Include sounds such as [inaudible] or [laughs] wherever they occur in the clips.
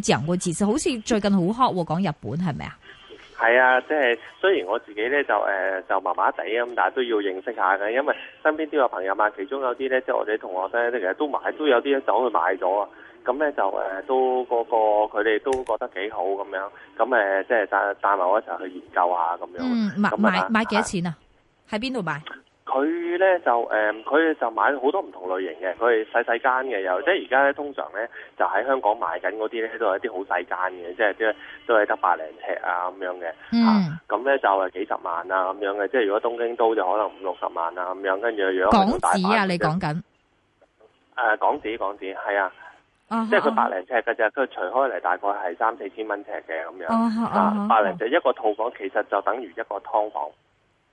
其實好似最近好 hot 喎，講日本係咪啊？係、就、啊、是，即係雖然我自己咧，就誒、呃、就麻麻地咁，但係都要認識一下嘅，因為身邊都有朋友嘛。其中有啲咧，即係我哋同學咧，其實都買，都有啲走去買咗啊。咁咧就誒都個個佢哋都覺得幾好咁樣。咁誒即係帶帶埋我一齊去研究一下咁樣。嗯，樣買買買幾多錢啊？喺邊度買？佢咧就誒，佢、嗯、就買好多唔同類型嘅，佢係細細間嘅，又即係而家咧通常咧就喺香港買緊嗰啲咧都係一啲好細間嘅，即係即係都係得百零尺啊咁樣嘅。咁咧、嗯啊、就係幾十萬啊咁樣嘅，即係如果東京都就可能五六十萬啊咁樣，跟住如果大港紙啊，你講緊？誒、呃，港紙港紙係啊，即係佢百零尺嘅啫，佢除開嚟大概係三四千蚊尺嘅咁樣。百零尺一個套房其實就等於一個劏房。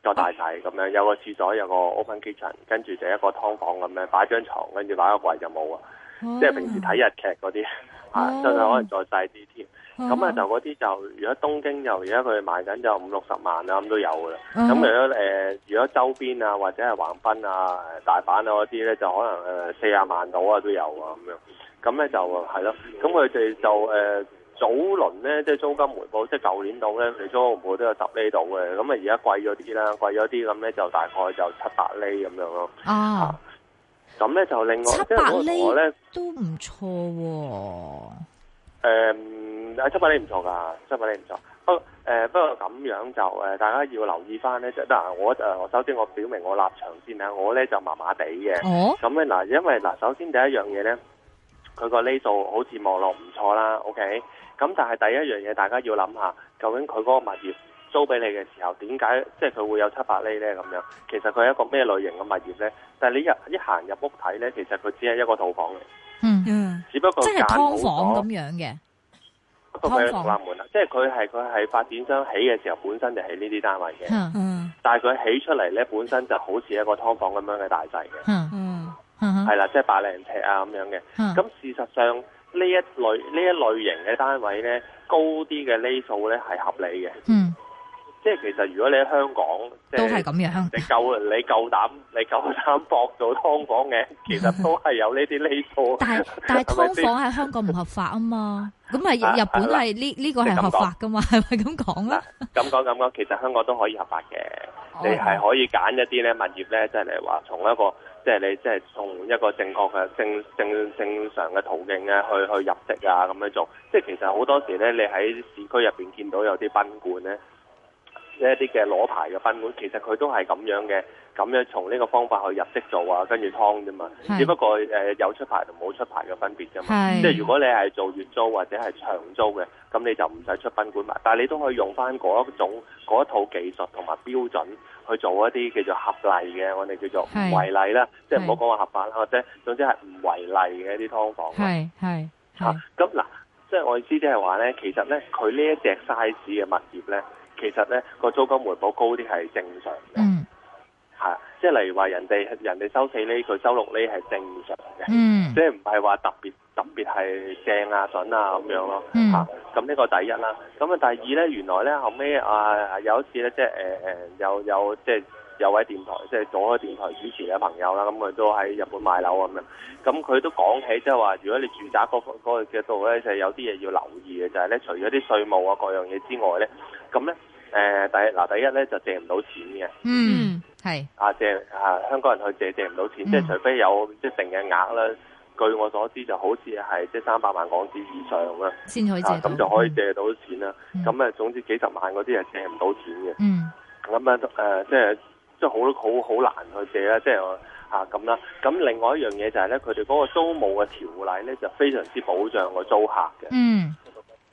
個大細咁樣，有個廁所，有個 open kitchen，跟住就一個湯房咁樣，擺張床，跟住擺個櫃就冇啊。即係平時睇日劇嗰啲，啊、嗯，真係可能再細啲添。咁啊，就嗰啲就，如果東京就而家佢賣緊就五六十萬啦，咁都有噶啦。咁、嗯、如果誒、呃，如果周邊啊或者係橫濱啊、大阪啊嗰啲咧，就可能誒四廿萬到啊都有啊咁樣。咁咧就係咯，咁佢哋就誒。呃早輪咧，即係租金回報，即係舊年度咧，你租回報都有十呢度嘅，咁啊而家貴咗啲啦，貴咗啲咁咧就大概就七八厘咁樣咯。啊，咁咧、啊、就另外七百厘咧都唔錯喎。誒、呃，啊七百厘唔錯㗎，七百厘唔錯。不過不過咁樣就誒，大家要留意翻咧，即係嗱，我誒，我、呃、首先我表明我立場先啊，我咧就麻麻地嘅。咁咧嗱，因為嗱，首先第一樣嘢咧，佢個厘數好似望落唔錯啦。OK。咁但係第一樣嘢，大家要諗下，究竟佢嗰個物業租俾你嘅時候，點解即係佢會有七百厘咧？咁樣，其實佢係一個咩類型嘅物業咧？但係你一一行入屋睇咧，其實佢只係一個套房嚟，嗯，嗯，只不過好即係劏房咁樣嘅劏房，即係佢係佢係發展商起嘅時候，本身就起呢啲單位嘅，嗯，嗯嗯，但係佢起出嚟咧，本身就好似一個劏房咁樣嘅大細嘅，嗯，嗯嗯係啦，即係、就是、百零尺啊咁樣嘅，咁、嗯、事實上。呢一類呢一類型嘅單位咧，高啲嘅厘數咧係合理嘅。嗯，即係其實如果你喺香港，都係咁樣你，你夠膽你夠膽你夠膽博到劏房嘅，其實都係有呢啲厘數。嗯、但係但係劏房喺香港唔合法啊嘛，咁係 [laughs] 日本係呢呢個係合法噶嘛，係咪咁講咧？咁講咁講，其實香港都可以合法嘅，哦、你係可以揀一啲咧物業咧，即係你話從一個。即係你，即係從一個正確嘅正正正常嘅途徑咧，去去入職啊咁樣做。即係其實好多時咧，你喺市區入邊見到有啲賓館咧。即一啲嘅攞牌嘅賓館，其實佢都係咁樣嘅，咁樣從呢個方法去入職做啊，跟住劏啫嘛。是只不過誒有出牌同冇出牌嘅分別啫嘛。即係是如果你係做月租或者係長租嘅，咁你就唔使出賓館買，但係你都可以用翻嗰一種嗰一套技術同埋標準去做一啲叫做合例嘅，我哋叫做唔違例啦。是即係唔好講話合法啦，是或者總之係唔違例嘅一啲劏房。係係啊，咁嗱，即係我意思即係話咧，其實咧，佢呢一隻 size 嘅物業咧。其實咧個租金回報高啲係正常嘅，嚇、嗯啊，即係例如話，人哋人哋收四釐佢收六釐係正常嘅，嗯、即係唔係話特別。特別係正準這、嗯、啊準啊咁樣咯嚇，咁呢個第一啦。咁啊第二咧，原來咧後尾啊有一次咧，即係誒誒有有即係、就是、有位電台即係、就是、做開電台主持嘅朋友啦，咁、嗯、佢都喺日本買樓咁樣。咁、嗯、佢都講起即係話，如果你住宅嗰、那個那個那個、方嗰度咧，就係、是、有啲嘢要留意嘅，就係、是、咧除咗啲稅務啊各樣嘢之外咧，咁咧誒第嗱第一咧、啊、就借唔到錢嘅。嗯，係、啊。啊借啊香港人去借借唔到錢，嗯、即係除非有即係定嘅額啦。據我所知，就好似係即係三百萬港紙以上咧，咁，啊，就可以借到錢啦。咁咧，嗯，嗯，總之幾十萬嗰啲係借唔到錢嘅。咁樣誒，即係即係好好好難去借啦。即係啊咁啦。咁另外一樣嘢就係咧，佢哋嗰個租務嘅條例咧，就非常之保障個租客嘅。嗯，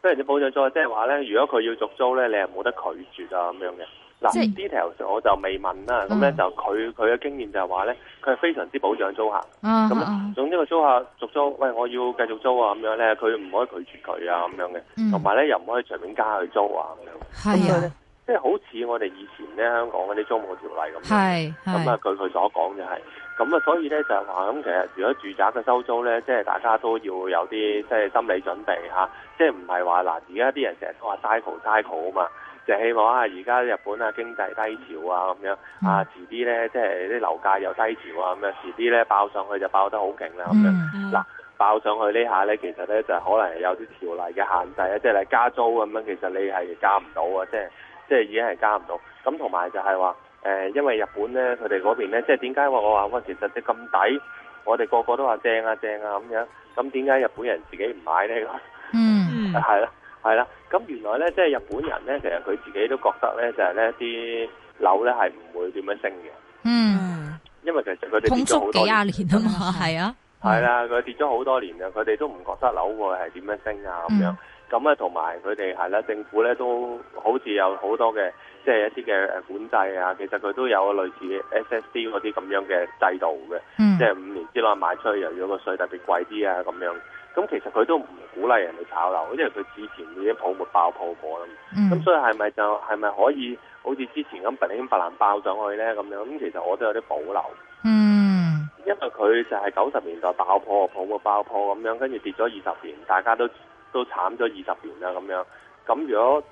即係你保障租客的，即係話咧，如果佢要續租咧，你係冇得拒絕啊咁樣嘅。嗱，detail 我就未問啦，咁咧、嗯、就佢佢嘅經驗就係話咧，佢係非常之保障租客，咁啊，咁總之個租客續租，喂，我要繼續租啊，咁樣咧，佢唔可以拒絕佢啊，咁樣嘅，同埋咧又唔可以隨便加去租啊，咁樣，係啊，即係好似我哋以前咧香港嗰啲租務條例咁，係，咁啊據佢所講就係、是，咁啊所以咧就係話，咁其實如果住宅嘅收租咧，即係大家都要有啲即係心理準備嚇，即係唔係話嗱，而家啲人成日都話 cycle cycle 啊嘛。就希望啊，而家日本啊經濟低潮啊咁樣，啊遲啲咧即係啲樓價又低潮啊咁樣，遲啲咧爆上去就爆得好勁啦咁樣。嗱，爆上去這一呢下咧，其實咧就係、可能有啲條例嘅限制啊，即係加租咁樣，其實你係加唔到啊，即係即係已經係加唔到。咁同埋就係話誒，因為日本咧，佢哋嗰邊咧，即係點解我話我其實即咁抵，我哋個個都話正啊正啊咁樣，咁點解日本人自己唔買呢？嗯，係咯。 [laughs] 係啦，咁原來咧，即係日本人咧，其實佢自己都覺得咧，就係呢一啲樓咧係唔會點樣升嘅。嗯，因為其實佢跌咗幾廿年啊嘛，係啊，係啦，佢跌咗好多年嘅，佢哋的、嗯、都唔覺得樓會係點樣升啊咁、嗯、樣。咁咧，同埋佢哋係啦，政府咧都好似有好多嘅，即、就、係、是、一啲嘅誒管制啊。其實佢都有類似 S S D 嗰啲咁樣嘅制度嘅，嗯、即係五年之內賣出去又要個稅特別貴啲啊咁樣。咁其實佢都唔鼓勵人哋炒樓，因為佢之前已經泡沫爆破過。咁、嗯、所以係咪就係咪可以好似之前咁突然間發爆上去呢？咁樣？咁其實我都有啲保留。嗯，因為佢就係九十年代爆破泡沫爆破咁樣，跟住跌咗二十年，大家都都慘咗二十年啦咁樣。咁如果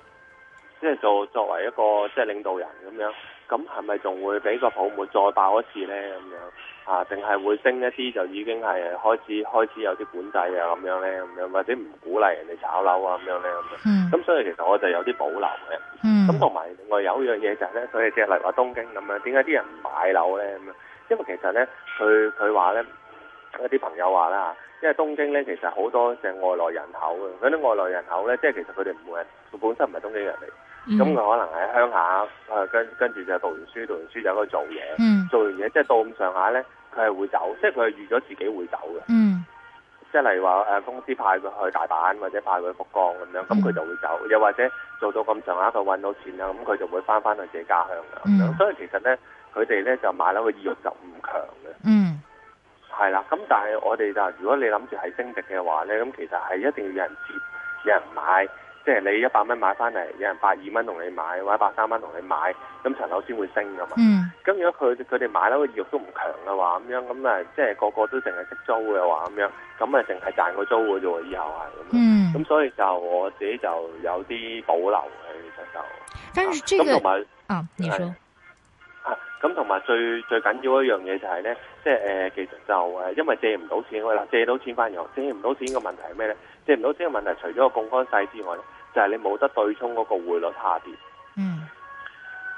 即係、就是、做作為一個即係、就是、領導人咁樣。咁係咪仲會俾個泡沫再爆一次呢？咁樣啊，定係會升一啲就已經係開始開始有啲管制呀。咁樣呢，咁樣或者唔鼓勵人哋炒樓啊咁樣呢，咁嗯，咁所以其實我就有啲保留嘅。咁同埋另外有一樣嘢就係呢，所以即係例如話東京咁樣，點解啲人唔買樓呢？咁樣，因為其實呢，佢佢話呢，一啲朋友話啦，因為東京呢，其實好多隻外來人口嘅，佢啲外來人口呢，即係其實佢哋唔會佢本身唔係東京人嚟。咁佢、嗯、可能喺鄉下，呃、跟跟住就讀完書，讀完書就喺度做嘢，嗯、做完嘢即係到咁上下咧，佢係會走，即係佢預咗自己會走嘅。嗯，即係例如話公司派佢去大阪或者派佢去福岡咁樣，咁佢就會走，嗯、又或者做到咁上下佢搵到錢啦，咁佢就會翻翻去自己家鄉嘅。嗯、咁樣，所以其實咧，佢哋咧就買樓嘅意欲就唔強嘅。嗯，係啦，咁但係我哋嗱，如果你諗住係升值嘅話咧，咁其實係一定要有人接，有人買。即係你一百蚊買翻嚟，有人百二蚊同你買，或者百三蚊同你買，咁層樓先會升噶嘛？嗯，咁如果佢佢哋買樓嘅意欲都唔強嘅話，咁樣咁即係個個都淨係識租嘅話，咁樣咁誒，淨係賺個租嘅啫，以後係咁。嗯，咁所以就我自己就有啲保留喺上頭。咁同埋啊，你說啊，咁同埋最最緊要一樣嘢就係咧，即係、啊、誒，其實就誒，因為借唔到錢啦，借到錢翻嚟借唔到錢嘅問題係咩咧？借唔到錢嘅問題除咗個槓桿細之外就係你冇得對沖嗰個匯率下跌。嗯。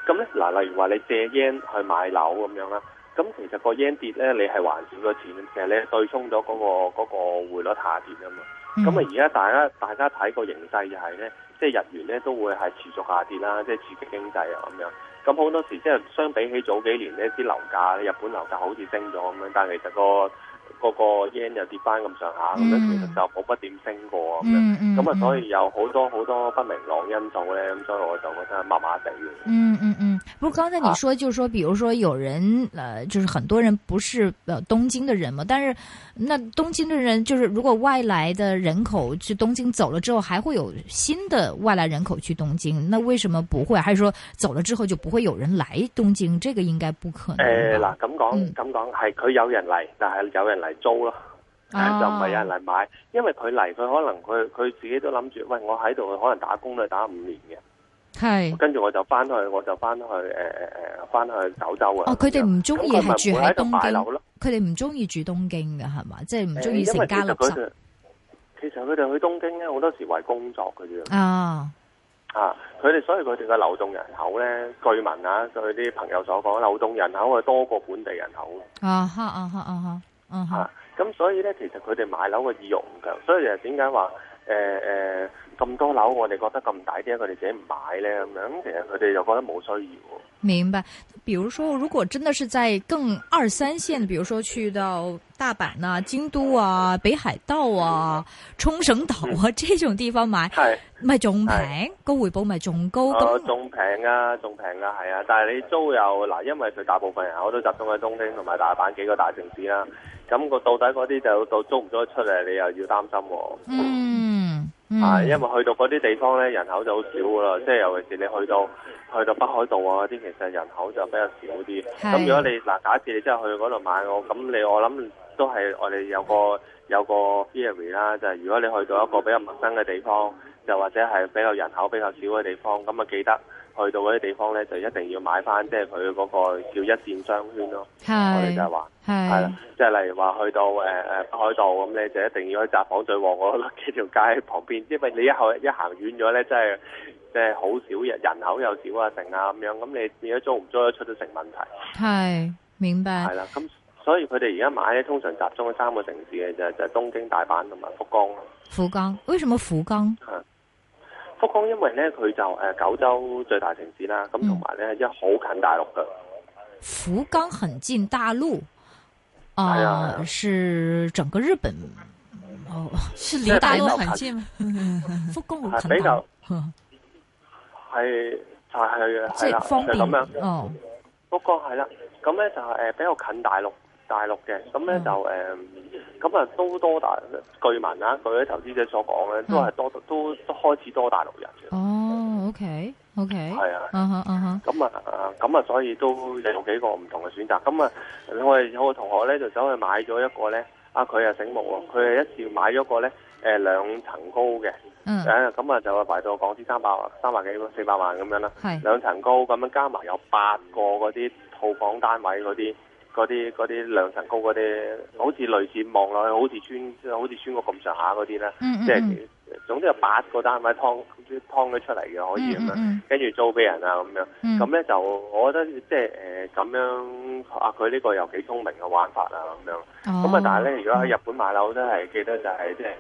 咁咧，嗱，例如話你借 yen 去買樓咁樣啦，咁其實個 yen 跌咧，你係還少咗錢。其實你係對沖咗嗰個嗰個匯率下跌啊嘛。咁啊，嗯，而家大家大家睇個形勢就係咧，即係日元咧都會係持續下跌啦，即係刺激經濟啊咁樣。咁好多時即係相比起早幾年呢啲樓價，日本樓價好似升咗咁樣，但係其實個個個日圓又跌翻咁上下，咁樣其實就冇乜點升過啊，咁啊、嗯，所以有好多好多不明朗因素咧，咁所以我就覺得麻麻地嘅。嗯嗯。嗯不過剛才你說，就是說，比如說有人，呃，就是很多人不是呃東京的人嘛。但是，那東京的人，就是如果外來的人口去東京走了之後，還會有新的外來人口去東京，那為什麼不會？還是說走了之後就不會有人來東京？這個應該不可能。誒、呃，嗱，咁講，咁講、嗯，係佢有人嚟，但係有人嚟租咯，啊、就唔係有人嚟買，因為佢嚟，佢可能佢佢自己都諗住，喂，我喺度可能打工都係打五年嘅。係，是跟住我就翻去，我就翻去，誒誒誒，翻去九州啊。哦，佢哋唔中意係住喺東京，佢哋唔中意住東京嘅係嘛？即係唔中意成家立室，呃、其實佢哋去東京咧，好多時為工作嘅咋。啊啊！佢哋、啊、所以佢哋嘅流動人口咧，據聞啊，佢啲朋友所講，流動人口係多過本地人口啊。啊哈啊哈啊哈啊咁、啊啊、所以咧，其實佢哋買樓嘅意欲唔強，所以其實點解話？誒誒，咁多樓我哋覺得咁大啲，佢哋自己唔買咧，咁樣其實佢哋又覺得冇需要。明白，比如說如果真係係更二三線，比如說去到大阪呐、啊、京都啊、嗯、北海道啊、嗯、沖繩島啊這種地方買，係咪仲平？嗯、個回報咪仲高？仲平、哦、啊，仲平啊，係啊。但係你租又嗱，因為佢大部分人我都集中喺東京同埋大阪幾個大城市啦，咁個到底嗰啲就到租唔租得出嚟，你又要擔心。嗯。嗯因為去到嗰啲地方咧，人口就好少噶啦，即係尤其是你去到去到北海道啊啲，其實人口就比較少啲。咁的如果你嗱，假設你真係去嗰度買我，咁你我諗都係我哋有個有個 theory 啦，就係、是、如果你去到一個比較陌生嘅地方，又或者係比較人口比較少嘅地方，咁啊記得。去到嗰啲地方咧，就一定要買翻，即係佢嗰個叫一線商圈咯。是我哋就係話，係啦是，即係、就是、例如話去到誒誒北海道咁你就一定要去札幌最旺嗰幾條街旁邊，因為你一後一行遠咗咧，真係即係好少人人口又少啊，成啊咁樣，咁你而家租唔租得出咗成問題。係，明白。係啦，咁所以佢哋而家買咧，通常集中喺三個城市嘅啫，就係、是、東京、大阪同埋福岡咯。福岡，為什麼福岡？嗯福岡因為咧佢就誒、呃、九州最大城市啦，咁同埋咧一好近大陸嘅。福岡很近大陸，嗯近大陸呃、啊，是，啊是整個日本，哦，是離大陸很近。比較近嗯、福岡很近，係就係嘅，即係方便咁樣哦。福岡係啦，咁咧、啊、就係、是、誒比較近大陸。大陸嘅咁咧就誒，咁啊、嗯嗯、都多大據聞啦，佢啲投資者所講咧都係多都都開始多大陸人嘅。哦，OK，OK，係啊，咁啊咁啊，所以都有幾個唔同嘅選擇。咁啊，我哋有個同學咧就走去買咗一個咧，啊佢啊醒目喎，佢係一次買咗個咧兩層高嘅，誒咁啊就擺到港紙三百萬三百幾四百萬咁樣啦，兩層高咁樣加埋有八個嗰啲套房單位嗰啲。嗰啲嗰啲兩層高嗰啲，好似類似望落去，好似村好似村屋咁上下嗰啲咧，即係、嗯嗯就是、總之有八個單位劏劏咗出嚟嘅，可以咁、嗯嗯嗯、樣，跟住租俾人啊咁樣。咁咧、嗯、就我覺得即係咁樣啊，佢呢個又幾聰明嘅玩法啊咁樣。咁啊、哦，但係咧，如果喺日本買樓都，都係記得就係即係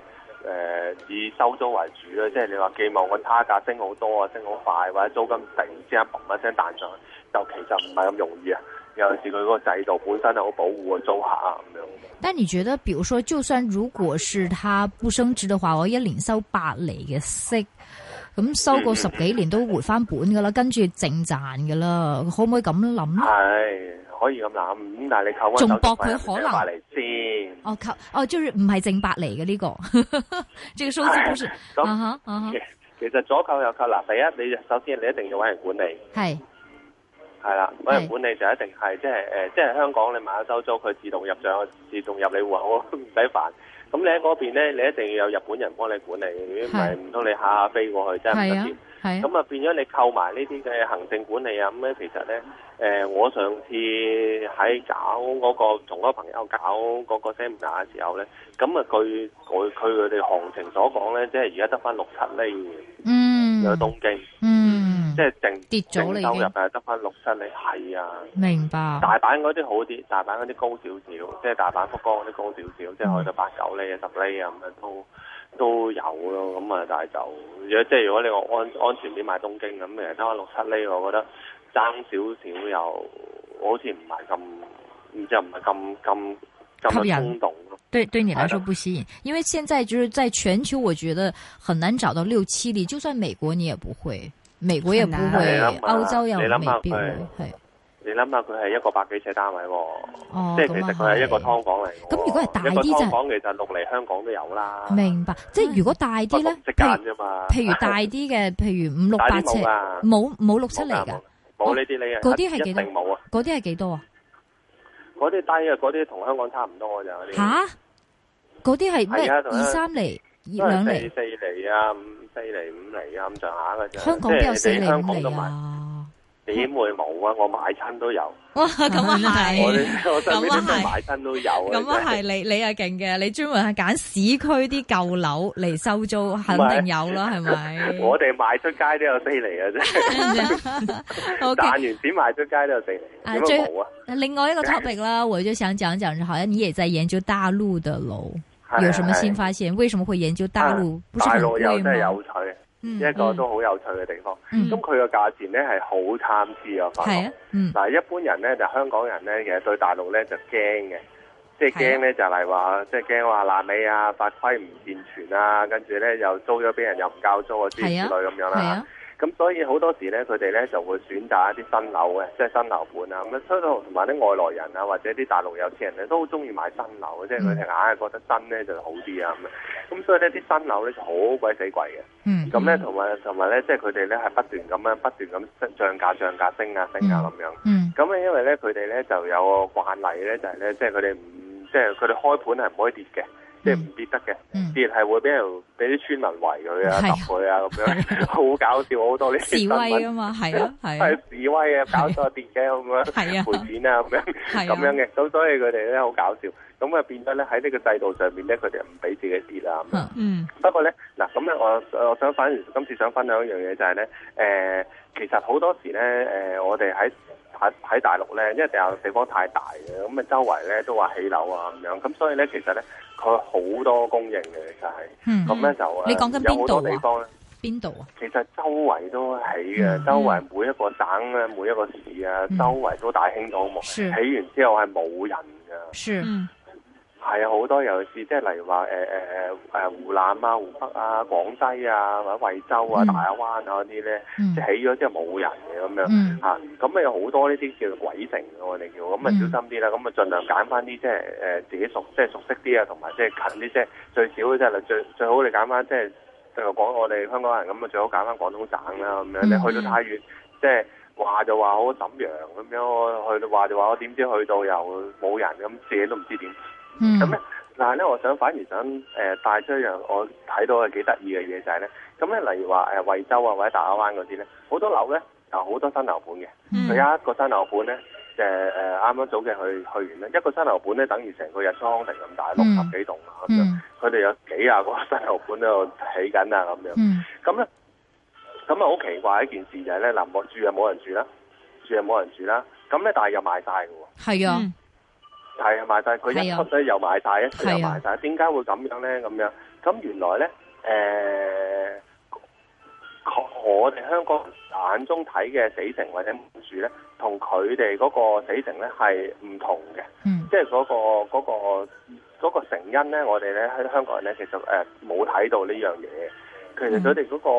誒以收租為主啦。即、就、係、是、你話寄望個差價升好多啊，升好快，或者租金突然之間嘣一聲彈上，就其實唔係咁容易啊。有陣時佢嗰個制度本身又好保護租客啊咁樣。但係你覺得，比如說就算如果是他不升值的話，我一年收八厘嘅息，咁收過十幾年都回翻本噶啦，嗯、跟住淨賺噶啦，可唔可以咁諗？係、哎、可以咁諗，但你扣仲温就百釐先。我扣、哦，哦，即係唔係淨百厘嘅呢、這個？即係數字公式。哎啊啊、其實左扣右扣啦，第一你首先你一定要揾人管理。係。係啦，揾人管理就一定係的，即係即係香港你買咗收租，佢自動入賬，自動入你戶口，唔使煩。咁你喺嗰邊咧，你一定要有日本人幫你管理，如果唔係唔通你下下飛過去，真係唔得掂。咁啊的的變咗你扣埋呢啲嘅行政管理啊，咁、嗯、咧其實咧、呃，我上次喺搞嗰、嗰個同嗰個朋友搞嗰個 seminar 嘅時候咧，咁啊佢佢佢哋行情所講咧，即係而家得翻六七釐。要嗯。喺東京。嗯。即係淨跌咗你收入係得翻六七厘，係啊，明白。大阪嗰啲好啲，大阪嗰啲高少少，即係大阪福岡嗰啲高少少、嗯啊，即係去到八九厘啊、十厘啊咁樣都都有咯。咁啊，但係就如果即係如果你話安安全啲買東京咁，其實得翻六七厘，我覺得爭少少又好似唔係咁，就唔係咁咁咁衝動咯。對對，你來說不吸引，的因為現在就是在全球，我覺得很難找到六七厘。就算美國，你也不會。微盤又搬去歐洲又未必。係你諗下佢係一個百幾尺單位，即係其實佢係一個劏房嚟。咁如果係大啲就，一個劏房其實六厘香港都有啦。明白，即係如果大啲咧，即係譬如大啲嘅，譬如五六八尺，冇冇六七厘噶，冇呢啲呢，嗰啲係幾多？嗰啲係幾多啊？嗰啲低啊，嗰啲同香港差唔多㗎咋吓，嗰啲係咩？二三厘、二兩厘、四厘啊？啊，咁上下啫。香港都有四厘五厘啊，點會冇啊？我買親都有。哇，咁啊係。咁都有。咁啊係，你你又勁嘅，你專門係揀市區啲舊樓嚟收租，肯定有啦，係咪？我哋賣出街都有四厘嘅啫。賺完錢賣出街都有四厘。最最啊，另外一個 topic 啦，我就想講一陣，好像你也在研究大陸的樓。有什麼新發現？啊、為什麼會研究大陸？啊、大陸又真係有趣，嗯、一個都好有趣嘅地方。咁佢嘅價錢咧係好參差啊，發覺。嗯。嗱，一般人咧就香港人咧，其實對大陸咧就驚嘅，即係驚咧就係、是、話，即係驚話爛尾啊，法規唔健全啊，跟住咧又租咗俾人又唔交租啊之類咁樣啦。咁所以好多時咧，佢哋咧就會選擇一啲新樓嘅，即係新樓盤啊咁啊，出到同埋啲外來人啊，或者啲大陸有錢人咧，都好中意買新樓嘅，即係佢哋硬係覺得新咧就好啲啊咁樣，咁所以呢啲新樓咧就好鬼死貴嘅。嗯、mm。咁咧同埋同埋咧，即係佢哋咧係不斷咁樣不斷咁升漲價、漲價、升啊升啊咁樣。嗯、mm。咁、hmm. 因為咧佢哋咧就有個慣例咧，就係咧，即係佢哋唔即係佢哋開盤係唔可以跌嘅。即係唔跌得嘅，跌係會俾人俾啲村民圍佢啊，揼佢啊咁樣，好搞笑，好多呢啲新聞啊嘛，係咯，係示威啊，搞錯跌嘅咁樣，賠錢啊咁樣，咁樣嘅，咁所以佢哋咧好搞笑，咁啊變得咧喺呢個制度上面咧，佢哋唔俾自己跌啦。嗯嗯。不過咧，嗱咁咧，我我想反而今次想分享一樣嘢就係咧，誒，其實好多時咧，誒，我哋喺喺喺大陸咧，因為地下嘅地方太大嘅，咁啊周圍咧都話起樓啊咁樣，咁所以咧其實咧。佢好多供應嘅，其實係，咁咧、嗯、就你說說、啊、有好多地方咧，邊度啊？其實周圍都起嘅，嗯、周圍每一個省咧，嗯、每一個市啊，嗯、周圍都大興土木，是起完之後係冇人噶。是嗯係啊，好多尤其是即係例如話誒誒誒誒湖南啊、湖北啊、廣西啊或者惠州啊、嗯、大亞灣啊嗰啲咧，即係起咗即係冇人嘅咁樣嚇。咁、嗯、啊有好多呢啲叫做鬼城，我哋叫咁啊小心啲啦。咁啊、嗯、盡量揀翻啲即係誒自己熟，即係熟悉啲啊，同埋即係近啲即係最少即、就、係、是、最最好你揀翻即係例如講我哋香港人咁啊，最好揀翻廣東省啦咁樣。你、嗯、去到太遠，即係話就話好沈陽咁樣，我去到話就話我點知去到又冇人，咁自己都唔知點。咁咧，但係咧，我想反而想誒、呃、帶出一樣我睇到嘅幾得意嘅嘢就係、是、咧，咁咧，例如話誒、呃、惠州啊或者大亞灣嗰啲咧，好多樓咧，有好多新樓盤嘅，佢、嗯、有一個新樓盤咧，就誒啱啱早嘅去去完啦，一個新樓盤咧，等於成個日出康城咁大，嗯、六十幾棟咁、啊、樣，佢哋、嗯、有幾啊個新樓盤喺度起緊啊咁樣，咁咧、嗯，咁啊好奇怪一件事就係、是、咧，臨住又冇人住啦，住又冇人住啦，咁咧但係又賣晒㗎喎，係啊、嗯。係啊，賣晒佢，一出咧又賣晒，一出又賣晒，點解、啊啊、會咁樣咧？咁樣咁原來咧，誒、呃，我哋香港眼中睇嘅死城或者唔住咧，同佢哋嗰個死城咧係唔同嘅。即係嗰個、嗰個、嗰個成因咧，我哋咧喺香港人咧，其實誒冇睇到呢樣嘢。其實佢哋嗰個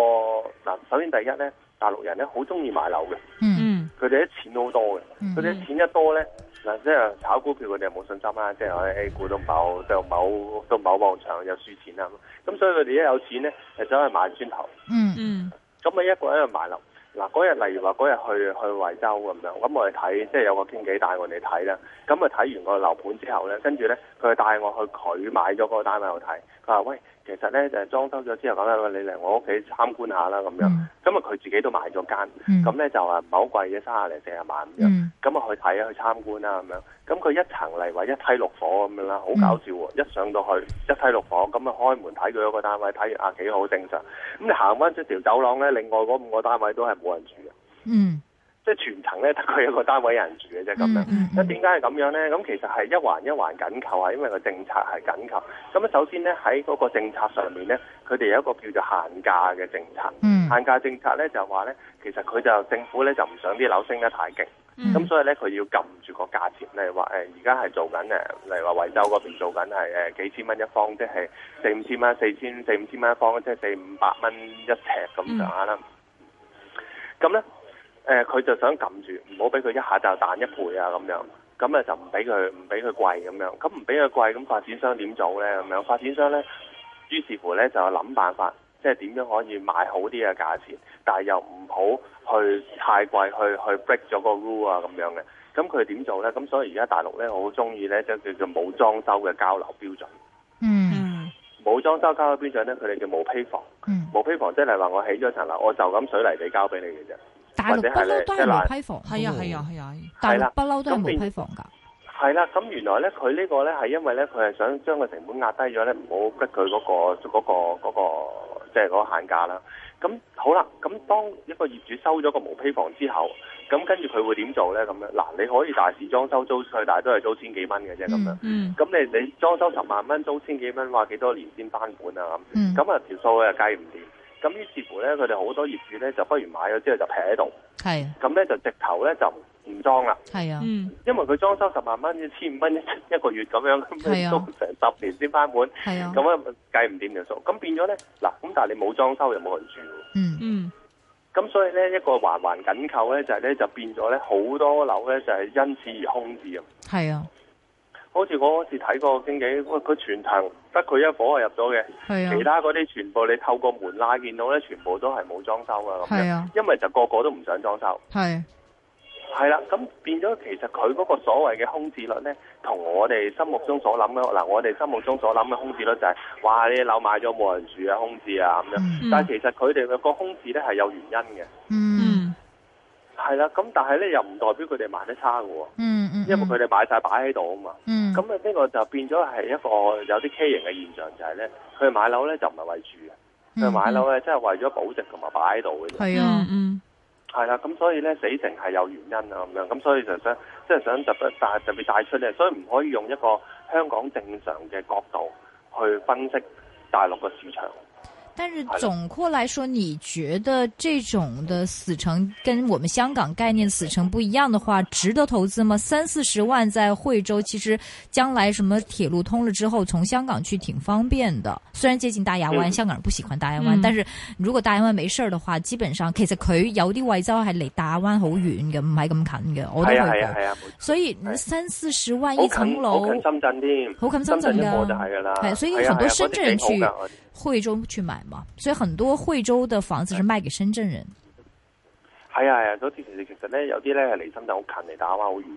嗱，嗯、首先第一咧，大陸人咧好中意買樓嘅。樓嗯。佢哋啲錢好多嘅，佢哋錢一多咧，嗱即係炒股票，佢哋冇信心啦，即係我哋 A 股都冇，都冇，都冇旺場，又輸錢啦。咁所以佢哋一有錢咧，就走去買磚頭。嗯嗯，咁啊一個人去買樓。.嗱，嗰日例如話嗰日去去惠州咁樣，咁我哋睇即係有個經紀帶我哋睇啦。咁啊睇完個樓盤之後咧，跟住咧佢帶我去佢買咗嗰單位度睇。佢話喂，其實咧就裝修咗之後咁樣，你嚟我屋企參觀下啦咁樣。咁啊佢自己都買咗間，咁咧、嗯、就啊唔係好貴嘅三十零四十萬咁、嗯、樣。咁啊，去睇啊，去參觀啦，咁樣咁佢一層嚟話一梯六房咁樣啦，好搞笑喎！一上到去一梯六房咁啊，咁樣開門睇佢嗰個單位，睇啊幾好正常。咁你行翻出條走廊咧，另外嗰五個單位都係冇人住嘅，嗯，即係全層咧，得佢一個單位有人住嘅啫。咁樣，咁點解係咁樣咧？咁其實係一環一環緊扣，係因為個政策係緊扣。咁啊，首先咧喺嗰個政策上面咧，佢哋有一個叫做限價嘅政策，嗯，限價政策咧就話咧，其實佢就政府咧就唔想啲樓升得太勁。咁、嗯、所以咧，佢要撳住個價錢、呃，例如話誒，而家係做緊咧，例如話惠州嗰邊做緊係幾千蚊一方，即係四五千蚊、四千四五千蚊一方，即係四五百蚊一尺咁上下啦。咁咧、嗯，佢、呃、就想撳住，唔好俾佢一下就彈一倍啊咁樣。咁啊就唔俾佢，唔俾佢貴咁樣。咁唔俾佢貴，咁發展商點做咧？咁樣發展商咧，於是乎咧就諗辦法。即係點樣可以賣好啲嘅價錢，但係又唔好去太貴，去去 break 咗個 rule 啊咁樣嘅。咁佢點做咧？咁所以而家大陸咧，我好中意咧，即叫做冇裝修嘅交樓標準。嗯，冇裝修交樓標準咧，佢哋叫毛坯房。毛坯房即係話我起咗層樓，我就咁水泥地交俾你嘅啫。或者好多都係毛坯房，係啊係啊係啊，大陸不嬲都係毛坯房㗎。係啦、啊，咁原來咧，佢呢個咧係因為咧，佢係想將個成本壓低咗咧，唔好 break 佢嗰個嗰個嗰個。嗰個嗰個嗰個即係嗰個限價啦，咁好啦，咁當一個業主收咗個毛坯房之後，咁跟住佢會點做咧？咁樣嗱，ation, 你可以大肆裝修租出去，但係都係租千幾蚊嘅啫，咁樣嗯。嗯，咁你你裝修十萬蚊，租千幾蚊，話幾多年先翻本啊？咁、嗯，咁啊條數咧又計唔掂。咁於是乎咧，佢哋好多業主咧就不如買咗之後就撇喺度。係、嗯。咁咧就直頭咧就。唔裝啦，係啊，嗯，因為佢裝修十萬蚊，一千五蚊一一個月咁樣，咁、啊、都成十年先翻本，係啊，咁啊計唔掂就數，咁變咗咧嗱，咁但係你冇裝修又冇人住，嗯嗯，咁所以咧一個環環緊扣咧就係咧就變咗咧好多樓咧就係因此而空置。係啊，係啊，好似我好似睇個經紀，佢佢全層得佢一夥入咗嘅，係啊，其他嗰啲全部你透過門罅見到咧，全部都係冇裝修噶，係啊樣，因為就個個都唔想裝修，係、啊。係啦，咁變咗其實佢嗰個所謂嘅空置率咧，同我哋心目中所諗嘅嗱，我哋心目中所諗嘅空置率就係、是，哇你樓買咗冇人住啊，空置啊咁樣，嗯、但係其實佢哋嘅個空置咧係有原因嘅、嗯嗯。嗯，係啦，咁但係咧又唔代表佢哋賣得差㗎喎。嗯嗯。因為佢哋買晒擺喺度啊嘛。嗯。咁啊呢個就變咗係一個有啲畸形嘅現象，就係咧佢買樓咧就唔係為住嘅，佢、嗯、買樓咧即係為咗保值同埋擺喺度嘅啫。係、嗯、啊，嗯。係啦，咁所以咧，死城係有原因啊咁樣，咁所以就想即係想特別帶特別帶出咧，所以唔可以用一個香港正常嘅角度去分析大陸嘅市場。但是總括來說，你覺得這種的死城跟我們香港概念死城不一樣的話，值得投資嗎？三四十萬在惠州，其實將來什麼鐵路通了之後，從香港去挺方便的。雖然接近大亞灣，嗯、香港人不喜歡大亞灣，嗯、但是如果大亞灣沒事兒的話，基本上其實佢有啲惠州係離大灣好遠嘅，唔係咁近嘅。我都去過，啊啊啊、所以、啊、三四十萬一層樓好近深圳添，好近深圳噶，係、哎、所以很多深圳人去。惠州去買嘛，所以很多惠州的房子是賣給深圳人。係啊，嗰啲其實咧有啲咧係離深圳好近，嚟打灣好遠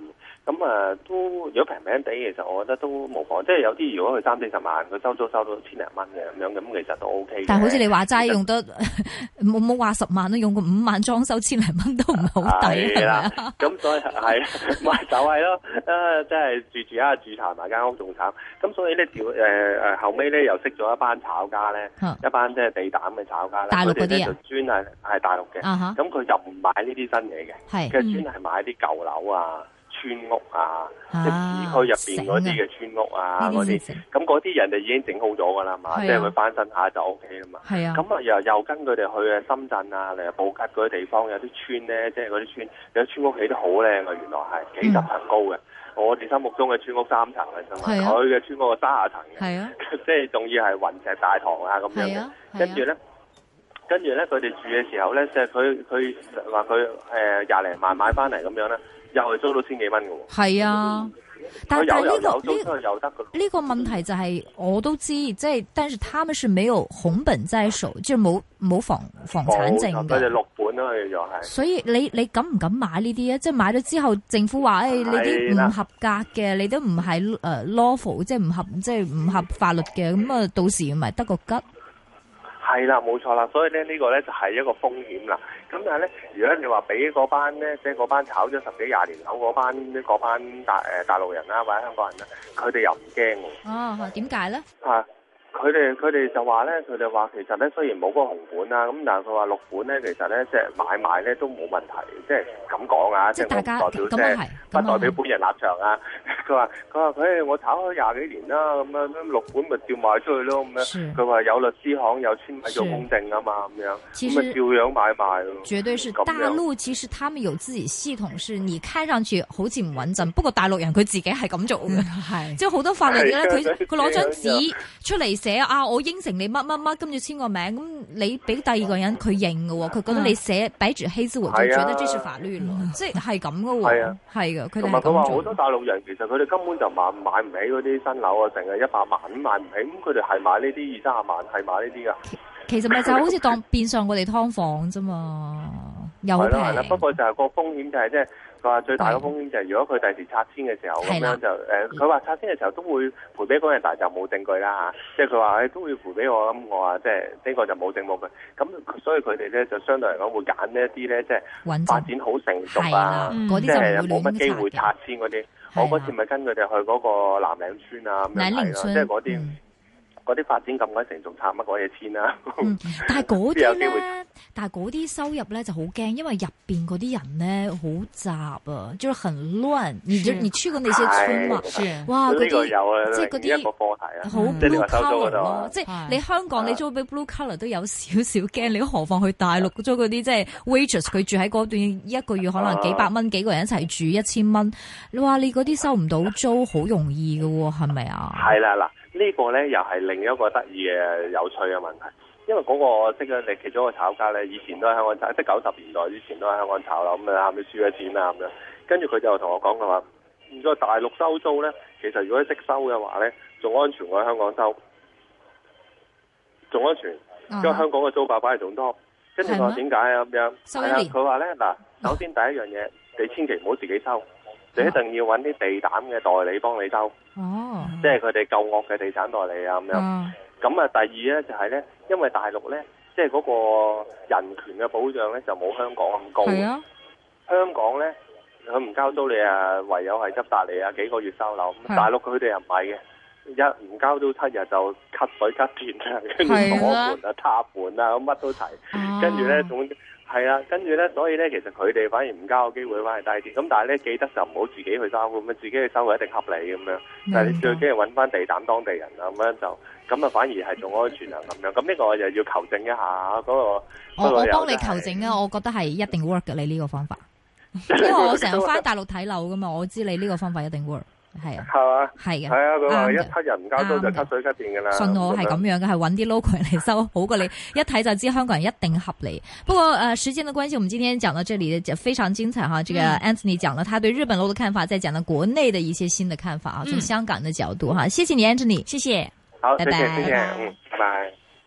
咁啊，都如果平平地，其實我覺得都無妨。即係有啲如果佢三四十萬，佢收租收到千零蚊嘅咁樣，咁其實都 OK。但好似你話齋用得冇冇話十萬都用過五萬裝修千零蚊都唔好抵。係啦，咁所以係，咪就係咯。誒，即係住住下住殘埋間屋仲慘。咁所以咧屌，誒後尾咧又識咗一班炒家咧，一班即係地膽嘅炒家咧，佢就專係大陸嘅。咁佢就唔。買呢啲新嘢嘅，即係村係買啲舊樓啊、村屋啊，即係市區入邊嗰啲嘅村屋啊嗰啲。咁嗰啲人哋已經整好咗噶啦嘛，即係佢翻新下就 O K 啦嘛。係啊，咁啊又又跟佢哋去啊深圳啊，嚟布吉嗰啲地方有啲村咧，即係嗰啲村有啲村屋起得好靚啊，原來係幾十層高嘅。我哋心目中嘅村屋三層嘅啫嘛，佢嘅村屋三十層嘅，即係仲要係雲石大堂啊咁樣嘅。跟住咧。跟住咧，佢哋住嘅時候咧，即係佢佢話佢誒廿零萬買翻嚟咁樣咧，又係租到千幾蚊嘅喎。係啊，嗯、但係呢個呢、這個這個問題就係、是、我都知，即、就、係、是，但是他們是沒有紅本在手，即係冇冇房房產證嘅。佢哋、哦、六本咯、啊，佢又係。所以你你，你敢唔敢買呢啲啊？即、就、係、是、買咗之後政府話誒、哎，你啲唔合格嘅，的你都唔係誒、uh, lawful，即係唔合，即係唔合法律嘅，咁啊，到時咪得個吉。係啦，冇錯啦，所以咧呢個咧就係一個風險啦。咁但係咧，如果你話俾嗰班咧，即係嗰班炒咗十幾廿年樓嗰班嗰班大誒、呃、大陸人啦、啊，或者香港人啦，佢哋又唔驚喎。哦，點解咧？係。佢哋佢哋就話咧，佢哋話其實咧，雖然冇嗰個紅本啊，咁但係佢話綠本咧，其實咧即係買賣咧都冇問題，即係咁講啊，即係代表聲，不代表本人立場啊。佢話佢話，佢，我炒咗廿幾年啦，咁樣綠本咪照賣出去咯，咁樣。佢話有律師行有簽喺做公證啊嘛，咁樣，咁咪照樣買賣咯。絕對是大陸，其實他們有自己系統，是你看上去好似唔穩陣，不過大陸人佢自己係咁做嘅，係，即係好多法律嘅咧，佢佢攞張紙出嚟。寫啊！我應承你乜乜乜，跟住簽個名咁，你俾第二個人佢、嗯、認㗎喎，佢覺得你寫擺住希字活，就覺得這是法亂喎。即係咁嘅喎。係啊，係嘅，佢哋咁好多大陸人其實佢哋根本就買買唔起嗰啲新樓啊，成日一百萬都買唔起，咁佢哋係買呢啲二三十萬，係買呢啲噶。其實咪就好似當變相我哋劏房啫嘛， [laughs] 又平。係啦、啊，不過就係個風險就係即係。佢話最大嘅風險就係，如果佢第時拆遷嘅時候咁樣就，誒了，佢話拆遷嘅時候都會賠俾嗰人，但係就冇證據啦嚇。即係佢話，佢、欸、都會賠俾我咁，那我話即係呢個就冇證冇據。咁所以佢哋咧就相對嚟講會揀呢一啲咧，即、就、係、係、發展好成熟了啊，即係冇乜機會拆遷嗰啲。我嗰次咪跟佢哋去嗰個南嶺村啊咁樣咯、啊，即係嗰啲。嗰啲發展咁鬼成，仲差乜鬼嘢遷啦？但係嗰啲咧，但係嗰啲收入咧就好驚，因為入邊嗰啲人咧好雜啊，即係很亂。你你你去過那些村嘛？哇，嗰啲即係嗰啲好 blue colour 即係你香港你租俾 blue colour 都有少少驚，你何況去大陸租嗰啲即係 wages 佢住喺嗰段一個月可能幾百蚊，幾個人一齊住一千蚊。你話你嗰啲收唔到租，好容易㗎喎，係咪啊？係啦，嗱。呢個呢，又係另一個得意嘅有趣嘅問題，因為嗰、嗰個即係你其中一個炒家呢，以前都喺香港炒，即係九十年代之前都喺香港炒樓咁啊，後尾輸咗錢啦咁樣。着他跟住佢就同我講佢話：唔再大陸收租呢，其實如果識收嘅話呢，仲安全過喺香港收，仲安全，嗯、因為香港嘅租霸反而仲多。跟住佢話我點解啊咁樣，係方啊，佢話呢，嗱，首先第一樣嘢，哦、你千祈唔好自己收，你一定要揾啲地膽嘅代理幫你收。哦，即係佢哋夠惡嘅地產代理啊咁、嗯、樣，咁啊第二咧就係咧，因為大陸咧即係嗰個人權嘅保障咧就冇香港咁高，啊、香港咧佢唔交租你啊唯有係執達你啊幾個月收樓，是啊、大陸佢哋又唔係嘅，一唔交租七日就吸水吸電啊，跟住鎖盤啊、差盤啊，咁乜都齊，跟住咧總。係啦，啊，跟住咧，所以咧，其實佢哋反而唔交嘅機會反而低啲。咁但係咧，記得就唔好自己去生活，咁自己去生活一定合理咁樣。但係你最緊要搵翻地膽當地人啊。咁樣就咁啊，就反而係仲安全啊咁樣。咁呢個我又要求證一下嗰，那個。我我幫、啊、個我，我幫你求證啊，我覺得係一定 work 嘅你呢個方法， [laughs] 因為我成日翻大陸睇樓㗎嘛，我知你呢個方法一定 work。係啊，係啊，係啊，佢話一七人唔交租就七水七電噶啦。信我係咁樣嘅，係揾啲撈鬼嚟收，好過你一睇就知香港人一定合理。不過誒，時間嘅關係，我們今天講到這裏，就非常精彩哈。這個 Anthony 講咗他對日本樓嘅看法，再講到國內嘅一些新嘅看法啊，從香港的角度哈。謝謝你，Anthony，謝謝。好，拜拜，拜拜，嗯，拜拜。